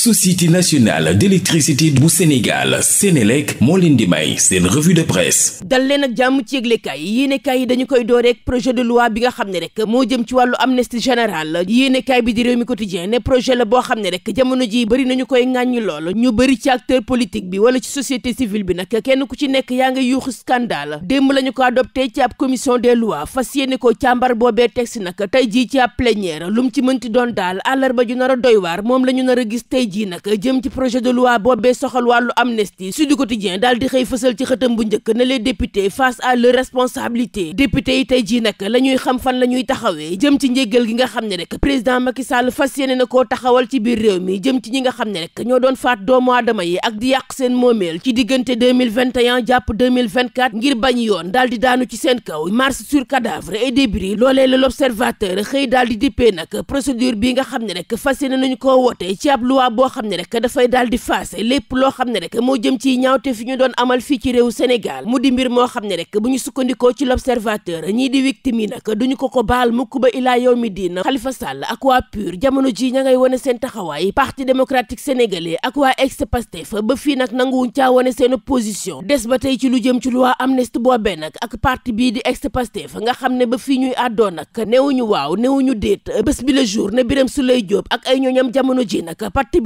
société nationale d'électricité bu Sénégal Sénélec moo leen di may seen revue de presse dal leen jàmm ci yëglekaay yi yéenekaay yi dañu koy door rek projet de loi bi nga xam ne rek moo jëm ci wàllu amnistie générale yéenekaay bi di réew mi quotidien ne projet la boo xam ne rek jamono ji bëri nañu koy ŋàññi lool ñu bari ci acteur politique bi wala ci société civile bi nag kenn ku ci nekk yaa nga yuuxu scandale démb lañu ko adopté ci ab commission des fas yéene ko càmbar boobee texte nag tey jii ci ab plénière lu mu ci mënti doon daal àllarba a doy a jii nag jëm ci projet de loi boobee soxal wàllu amnistie Sud Quotidien daal di xëy fësal ci xëtam bu njëkk na lee député face à leur responsabilité député yi tey jii nag la ñuy xam fan la ñuy taxawee jëm ci njéggal gi nga xam ne rek président Macky Sall fas yéene na koo taxawal ci biir réew mi jëm ci ñi nga xam ne rek ñoo doon faat doomu aadama yi ak di yàq seen moomeel ci diggante 2021 jàpp 2024 ngir bañ yoon daal di daanu ci seen kaw marche sur cadavre et débris loolee la l'observateur xëy daal di dippee nag procédure bi nga xam ne rek fas yéene nañu koo wote ci ab boo xam ne rek dafay daal di faase lépp loo xam ne rek moo jëm ci ñaawte fi ñu doon amal fii ci réew Sénégal mu di mbir moo xam ne rek bu ñu sukkandikoo ci l'observateur ñii di victime yi nag duñu ko ko baal mukk ba ilaa yow mi diin Khalifa Sall ak waa PUR jamono ji ña ngay wane seen taxawaay parti démocratique sénégalais ak waa ex-Pastef ba fii nag nanguwuñ caa wane seen opposition des ba tey ci lu jëm ci loi amnistie boobee nag ak parti bii di ex-Pastef nga xam ne ba fii ñuy àddoon nag newuñu waaw newuñu déet bés bi le jour ne Birame Souleye Diop ak ay ñooñam jamono ji nag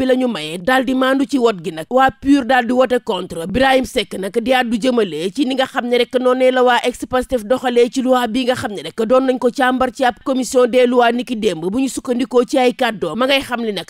bi la ñu maye daal di maandu ci wot gi nag waa PUR daal di wote contre Birahim Seck nag di àddu jëmale ci ni nga xam ne rek noonee la waa ex-Pastef doxalee ci loi bi nga xam ne rek doon nañ ko càmbar ci ab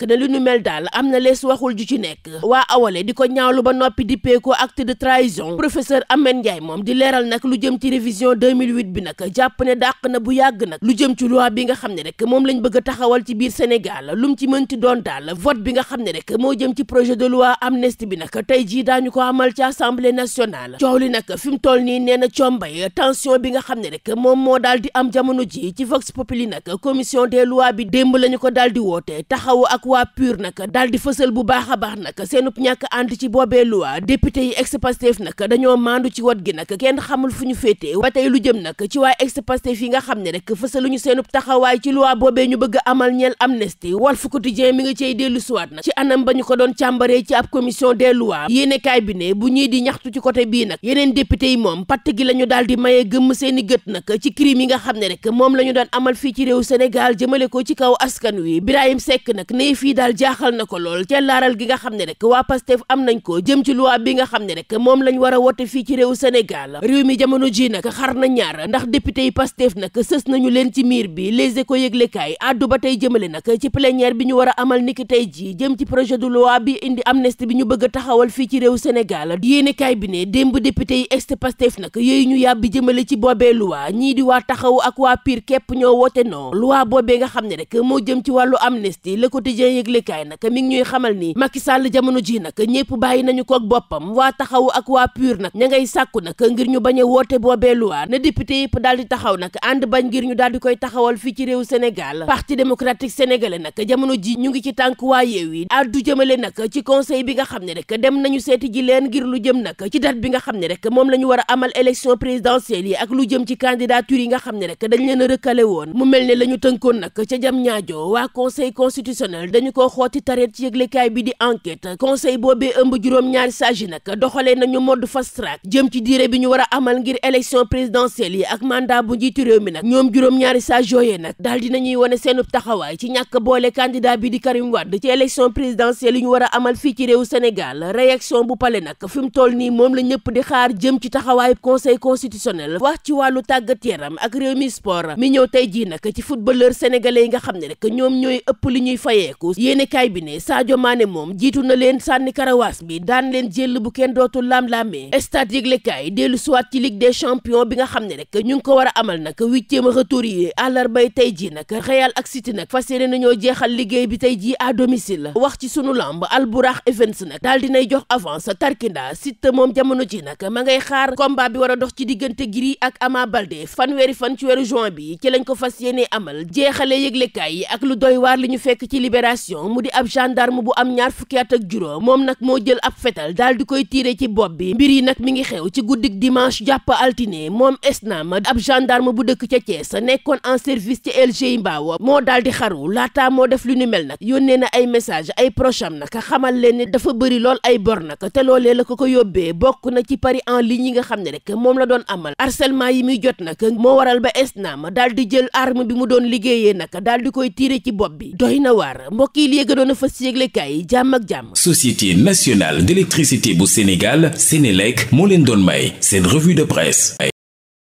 ne li nu mel daal am na lees waxul ju ci nekk waa awale di ko ñaawlu ba noppi di acte de trahison professeur Amène Ndiaye moom di leeral nag lu jëm ci révision bi nag jàpp ne dàq na bu yàgg nag lu jëm ci loi bi nga xam ne rek moom lañ bëgg a taxawal ci biir Sénégal lu mu ne rek moo jëm ci projet de loi amnistie bi nag tey jii daañu ko amal ci assemblée nationale coow li nag fi mu toll nii nee na combay tension bi nga xam ne rek moom moo daal di am jamono ji ci vox populi nag commission des lois bi démb lañu ñu ko daal di woote taxaw ak waa PUR nag daal di fësal bu baax a baax nag seenub ñàkk ànd ci boobe loi député yi ex-Pastef nag dañoo maandu ci wot gi nag kenn xamul fu ñu féetee ba tey lu jëm nag ci waa ex-Pastef yi nga xam ne rek ñu seenub taxawaay ci loi boobee ñu bëgg amal ñeel amnistie Walf Quotidien mi nga cey dellu suwaat nag anam ba ñu ko doon càmbaree ci ab commission des lois yéenekaay bi ne bu ñii di ñaxtu ci côté bii nag yeneen député yi moom patt gi la ñu daal di mayee gëmm seeni gët nag ci crime yi nga xam ne rek moom la ñu daan amal fii ci réew Sénégal jëmale ko ci kaw askan wi Birahim Seck nag ne fii daal jaaxal na ko lool ca laaral gi nga xam ne rek waa Pastef am nañ ko jëm ci loi bi nga xam ne rek moom lañ war a wote fii ci réew Sénégal réew mi jamono ji nag xar na ñaar ndax député yi Pastef nag sës nañu leen ci miir bi Les Échos yëglekaay addu ba tey jëmale nag ci plénière bi ñu war a amal niki tey ji jëm ci projet de loi bi indi amnistie bi ñu bëgg a taxawal fii ci réew Sénégal yéenekaay bi ne démb député yi ex-Pastef nag yooyu ñu yàbbi jëmale ci boobee loi ñii di waa taxawu ak waa PUR képp ñoo woote non loi boobee nga xam ne rek moo jëm ci wàllu amnistie Le Quotidien yëglekaay nag mi ngi ñuy xamal ni Macky Sall jamono ji nag ñépp bàyyi nañu ko ak boppam waa taxaw ak waa piir nag ña ngay sàkku nag ngir ñu bañ a woote boobee loi ne député yëpp daal di taxaw nag ànd bañ ngir ñu daal di koy taxawal fii ci réew Sénégal Parti démocratique sénégalais nag jamono ji ñu ngi ci tànk waa addu jëmale nag ci conseil bi nga xam ne rek dem nañu seeti ji leen ngir lu jëm nag ci date bi nga xam ne rek moom la ñu war a amal élection présidentielle yi ak lu jëm ci candidature yi nga xam ne rek dañu leen a rëkkale woon mu mel ne la ñu tënkoon nag ca jam ñaajo waa conseil constitutionnel dañu ko xooti tareet ci yëglekaay bi di enquête conseil boobe ëmb juróom-ñaari sages nag doxalee nañu mode fast track jëm ci diire bi ñu war a amal ngir élection présidentielle yi ak mandat bu njiitu réew mi nag ñoom juróom-ñaari sages yooyee nag daal dinañuy wane seenub taxawaay ci ñàkk boole candidat bi di Karim Wade ci élection présidentielle yi ñu war a amal fii ci réew Sénégal réaction bu pale nag fi mu toll nii moom la ñëpp di xaar jëm ci taxawaayu conseil constitutionnel wax ci wàllu tàggat yaram ak réew mi sport mi ñëw tey jii nag ci footballeur sénégalais yi nga xam ne rek ñoom ñooy ëpp li ñuy fayeeku yéenekaay bi ne Sadio Mané moom jiitu na leen sànni karawaas bi daan leen jël bu kenn dootul laam-laamee stade yëglekaay dellu siwaat ci ligue des champions bi nga xam ne rek ñu ngi ko war a amal nag huitième retour yi àllarbay tey jii nag Real ak City nag fas yéene nañoo jeexal liggéey bi tey jii à domicile wax ci sunu lamb alburax events nag daal dinay jox avance tarkinda Siteu moom jamono ji nag ma ngay xaar combat bi war a dox ci diggante Gris ak Ama Baldé fanweeri fan ci weeru juin bi ci lañ ko fas yéene amal jeexale yëglekaay yi ak lu doy waar li ñu fekk ci libération mu di ab gendarme bu am ñaar fukki ak juróom moom nag moo jël ab fetal daal di koy tiire ci bopp bi mbir yi nag mi ngi xew ci guddik dimanche jàpp altine moom esnam ab gendarme bu dëkk ca Thiès nekkoon en service ci LG Mbao moo daal di xaru laata moo def lu ni mel nag yónnee na ay message ay proche am naka xamal leen ne dafa bëri lool ay bor naka te loolee la ko ko yóbbee bokk na ci paris en ligne yi nga xam ne rek moom la doon amal harcèlement yi muy jot nag moo waral ba ma daal di jël arme bi mu doon liggéeyee naka daal di koy tiire ci bopp bi doy na waar mbokk yi léegi doon na fas yéeglekaay yi jàmm ak jàmm société nationale d'électricité bu Sénégal Sénélec moo leen doon may seen revue de presse